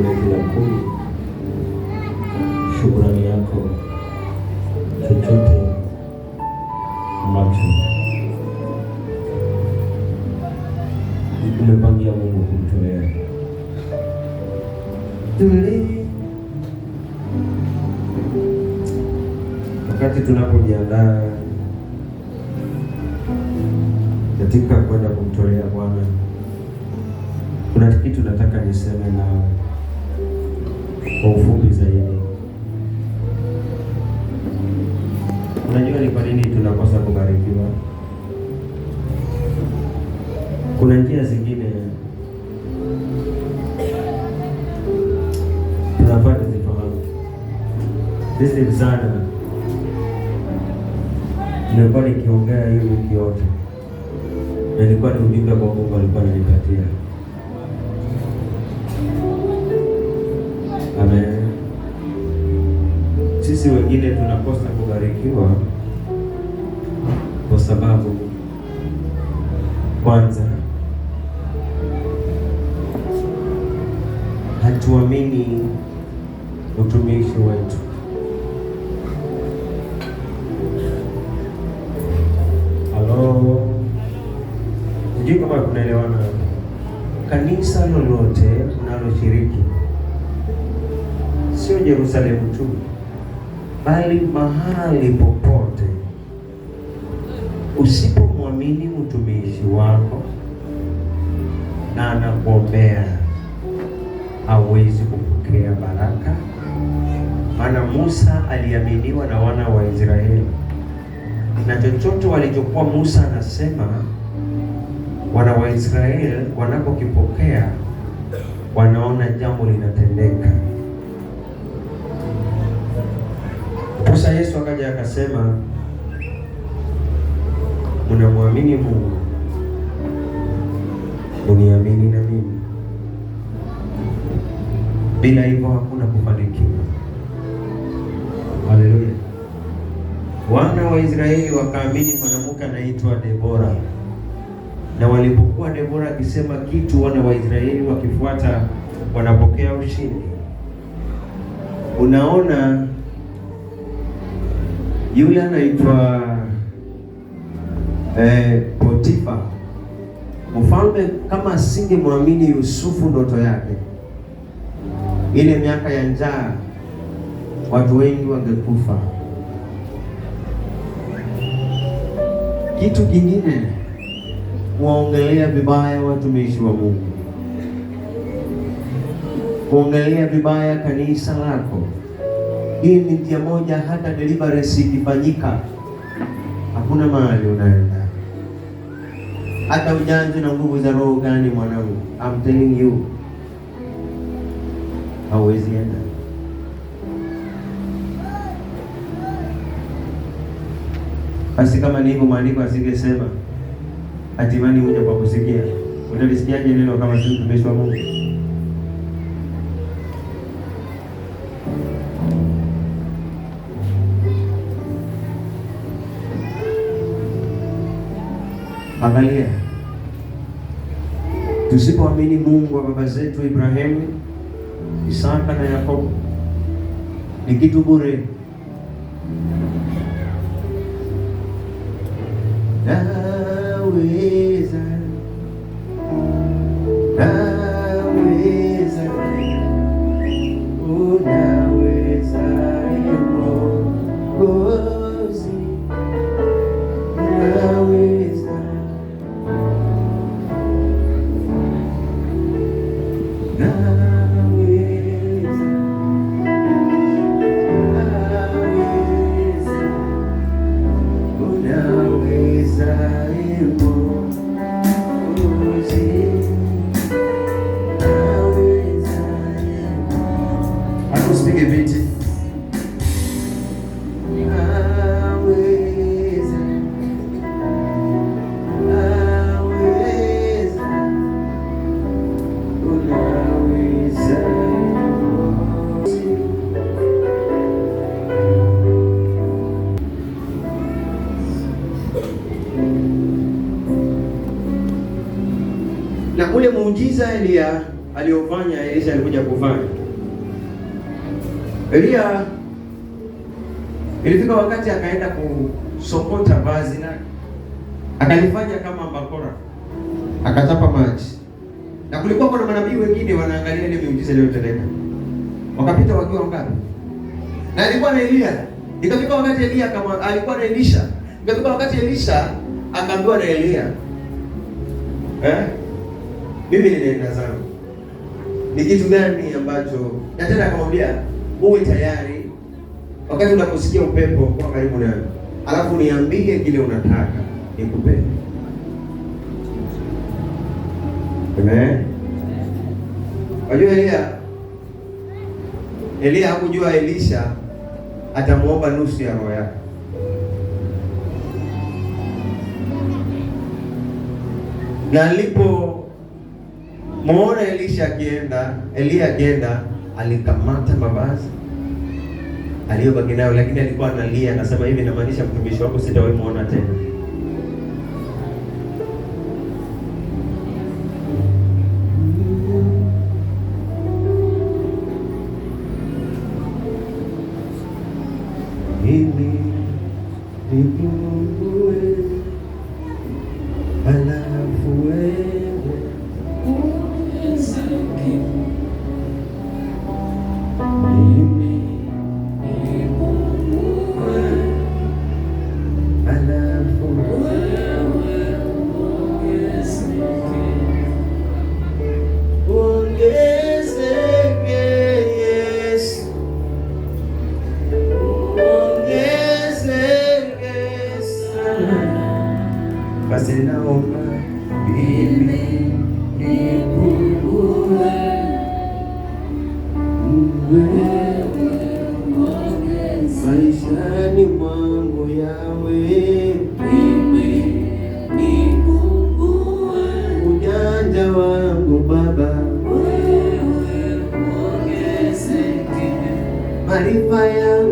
zoezi la kumi, shukrani yako, chochote ambacho umepangia Mungu kumtolea Wakati tunapojiandaa katika kwenda kumtolea Bwana, kuna kitu nataka niseme na o fundo sisi wengine tunakosa kubarikiwa kwa sababu kwanza hatuamini utumishi wetu. Halo, sijui kama kunaelewana. Kanisa lolote unaloshiriki sio Yerusalemu tu bali mahali popote. Usipomwamini mtumishi wako na anakuombea, hawezi kupokea baraka. Maana Musa aliaminiwa na wana wa Israeli, na chochote walichokuwa Musa anasema wana wa Israeli wanapokipokea, wanaona jambo linatendeka. akasema mnamwamini Mungu, uniamini na mimi, bila hivyo hakuna kufanikiwa. Haleluya! Wana wa Israeli wakaamini mwanamke anaitwa Debora, na walipokuwa Debora akisema kitu, wana wa Israeli wakifuata, wanapokea ushindi. Unaona yule anaitwa eh, Potifa. Mfalme kama asingemwamini Yusufu ndoto yake, ile miaka ya njaa, watu wengi wangekufa. Kitu kingine kuwaongelea vibaya watumishi wa Mungu, kuongelea vibaya kanisa lako hii ni njia moja, hata deliverance ikifanyika hakuna mahali unaenda, hata ujanzi na nguvu za roho gani, mwanangu, I'm telling you, hauwezi enda. Basi kama ni hivyo, maandiko asingesema atimani huja kwa kusikia. Utalisikiaje neno kama si mtumishi wa Mungu? Angalia, tusipoamini Mungu wa baba zetu Ibrahimu, Isaka na Yakobo ni kitu bure. Naweza na ule muujiza Elia aliofanya Elisha alikuja kufanya. Elia ilifika wakati akaenda kusokota vazi na akalifanya kama bakora, akatapa maji, na kulikuwa kuna manabii wengine wanaangalia ile miujiza iliyotendeka, wakapita wakiwa ngapi? Na ilikuwa na Elia, ikafika wakati Elia kama alikuwa na Elisha, ikafika wakati Elisha akaambiwa na Elia eh mimi ninaenda zangu, ni kitu gani ambacho na tena akamwambia uwe tayari wakati unaposikia upepo kwa karibu nani, alafu niambie kile unataka nikupe. Amen. Unajua Elia Elia hakujua Elisha atamuomba nusu ya roho yake. Na alipo mwona Elisha akienda, Elia akienda, alikamata mavazi aliyobaki nayo, lakini alikuwa analia, anasema hivi, namaanisha mtumishi wako sitawahi muona tena. Mimi nipungue, halafu wewe maishani mwangu yawe ujanja wangu Baba, marifa yangu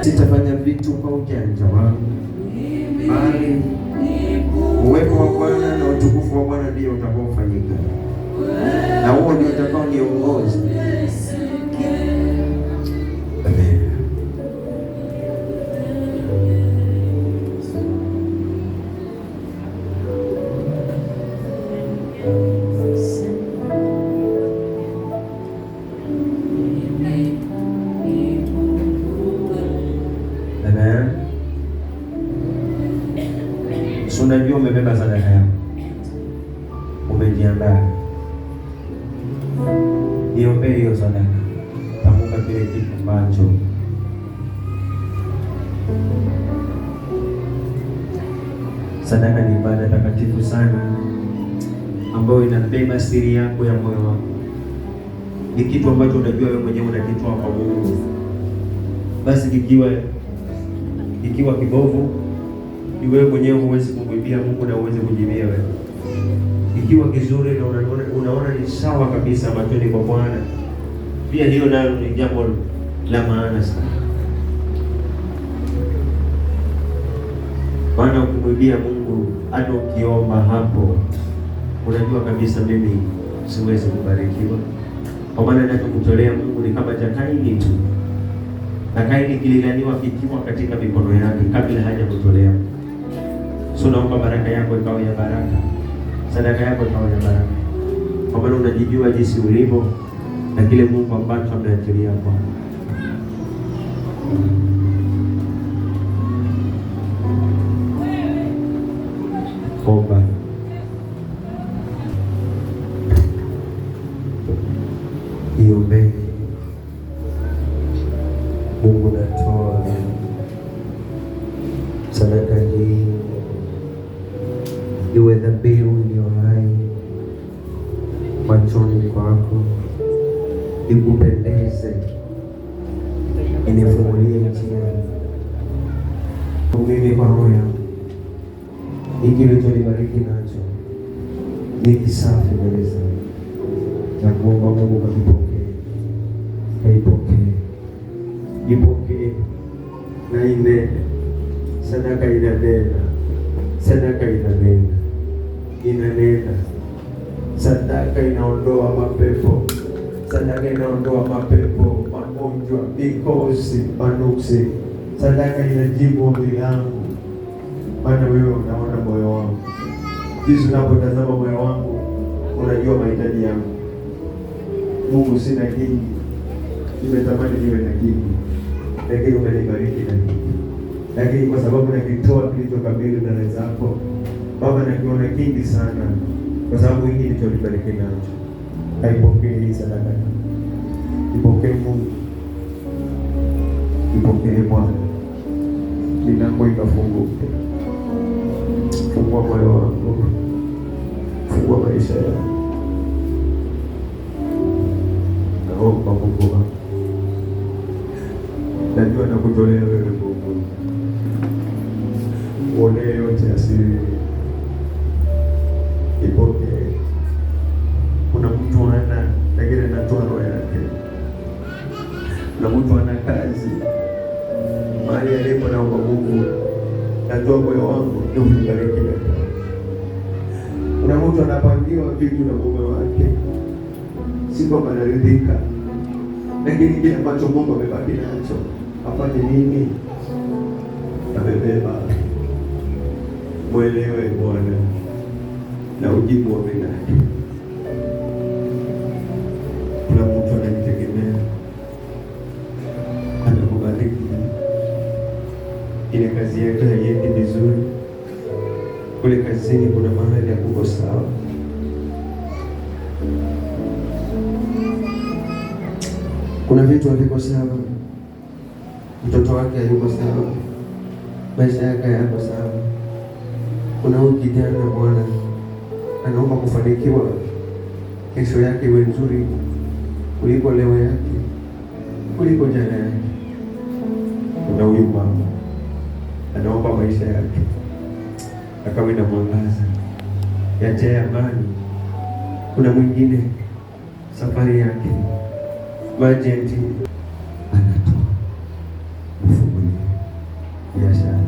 Sitafanya vitu kwa ujanja wangu, bali uwepo wa Bwana na utukufu wa Bwana ndio utakaofanyika, na huo ndio utakaoniongoza. unajua umebeba sadaka yako, umejiandaa. Iombee hiyo sadaka, tamuka kile kitu ambacho sadaka ni ibada takatifu sana, ambayo inabeba siri yako ya moyo wako. Ni kitu ambacho unajua wewe mwenyewe unakitoa kwa Mungu. Basi kikiwa kikiwa kibovu, ni wewe mwenyewe huwezi kumlilia Mungu na uweze kujibia wewe. Ikiwa kizuri na unaona, unaona ni sawa kabisa machoni kwa Bwana, pia hiyo nalo ni jambo la maana sana, maana ukimwibia Mungu hata ukiomba hapo, unajua kabisa mimi siwezi kubarikiwa, kwa maana ninachokutolea Mungu ni kama cha Kaini tu, na Kaini kililaniwa kikiwa katika mikono yake kabla haja kutolea So naomba baraka yako ikawa ya baraka, sadaka yako ikawa ya baraka, kwa maana unajijua jinsi ulivyo na kile Mungu ambacho ameachilia kwa omba nikupendeze, inifungulie njia mimi kwa moyo wangu, hiki ulichonibariki nacho ni kisafi mbele zako, na kuomba Mungu kakipokee, kaipokee, ipokee na inene. Sadaka inanena, sadaka inanena, inanena, sadaka inaondoa mapepo sadaka inaondoa mapepo, magonjwa, mikosi, manuksi. Sadaka inajibu ombi langu, maana wewe unaona moyo wangu. Jinsi unapotazama moyo wangu, unajua mahitaji yangu. Mungu, sina kingi, nimetamani niwe na kingi, lakini umenibariki na kingi, lakini kwa sababu nakitoa kilicho kamili mbele zako Baba, nakiona kingi sana, kwa sababu hiki ndicho nibariki nacho Kaipokee hii sadaka, ipokee Mungu, ipokee Bwana, milango ikafunguke. Fungua moyo wako, fungua maisha yako, naomba Mungu wako, najua nakutolea wewe kitu na mume wake, si kwamba anaridhika, lakini kile ambacho Mungu amebaki nacho afanye nini? Amebeba. Mwelewe Bwana na ujibu amina. Kuna mtu anajitegemea, anakubariki, ile kazi yake haiendi vizuri kule kazini, kuna mahali ya kuko sawa Kuna vitu haviko sawa, mtoto wake hayuko sawa, maisha yake hayako sawa. Kuna huyu kijana Bwana anaomba kufanikiwa, kesho yake iwe nzuri kuliko leo yake, kuliko jana yake. Kuna huyu mama anaomba maisha yake akawe na mwangaza, yajae amani. Kuna mwingine safari yake majenti anatoa mfuguli, biashara,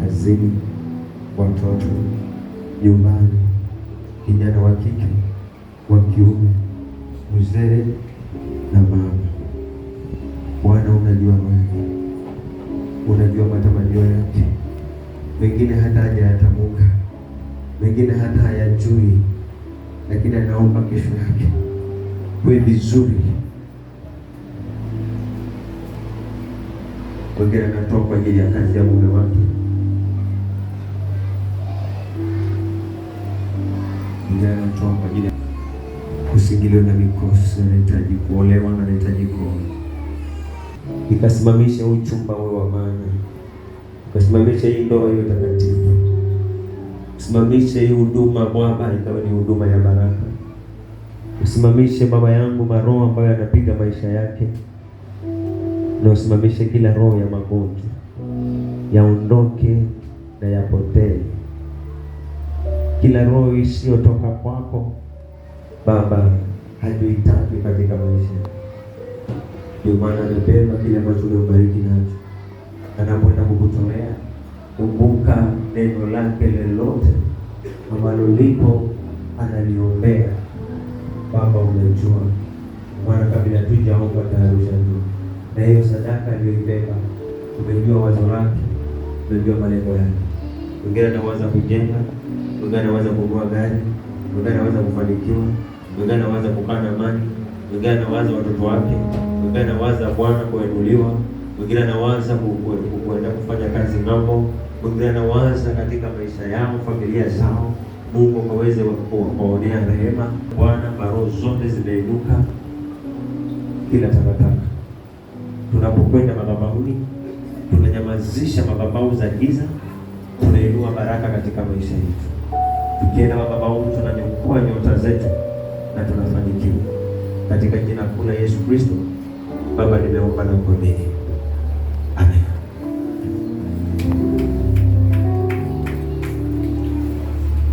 hazini, watoto, nyumbani, kijana wa kike, wa kiume, mzee na mama. Bwana, unajua mali, unajua matamanio yake, wengine hata hajayatamuka, wengine hata hayajui, lakini anaomba kesho yake kwe vizuri wengine anatoa kwa ajili ya kazi ya mume wake. Wengine anatoa kwa ajili ya kusingiliwa na mikosi, anahitaji kuolewa na anahitaji kuoa. Nikasimamisha uchumba uwe wa maana, nikasimamisha hii ndoa hiyo takatifu, usimamishe hii huduma Bwana ikawa ni huduma ya baraka, usimamishe baba yangu maroho ambayo yanapiga maisha yake na usimamishe kila roho ya magonjwa, yaondoke na yapotee. Kila roho isiyotoka kwako Baba hatuitaki katika maisha. Ndio maana amependa kile ambacho umebariki nacho, anapoenda kukutolea kumbuka neno lake lolote ambalo lipo analiombea. Baba umejua, maana kabla tujaomba tayari ushajua na hiyo sadaka aliyoibeba, umejua wazo lake, umejua malengo yake. Wengine anaweza kujenga, wengine anaweza kugua gari, wengine anaweza kufanikiwa, wengine anaweza kukaa na amani, wengine anawaza watoto wake, wengine anawaza Bwana kuinuliwa, wengine anawaza kuenda kufanya kazi ng'ambo, wengine anawaza katika maisha yao, familia zao Mungu akaweze kuwaonea rehema. Bwana, baroo zote zimeinuka, kila takataka tunapokwenda madhabahuni tunanyamazisha madhabahu za giza, tunainua baraka katika maisha yetu. Tukienda madhabahuni tunanyakua nyota zetu na tunafanikiwa katika jina kuu la Yesu Kristo. Baba, nimeomba na kuamini.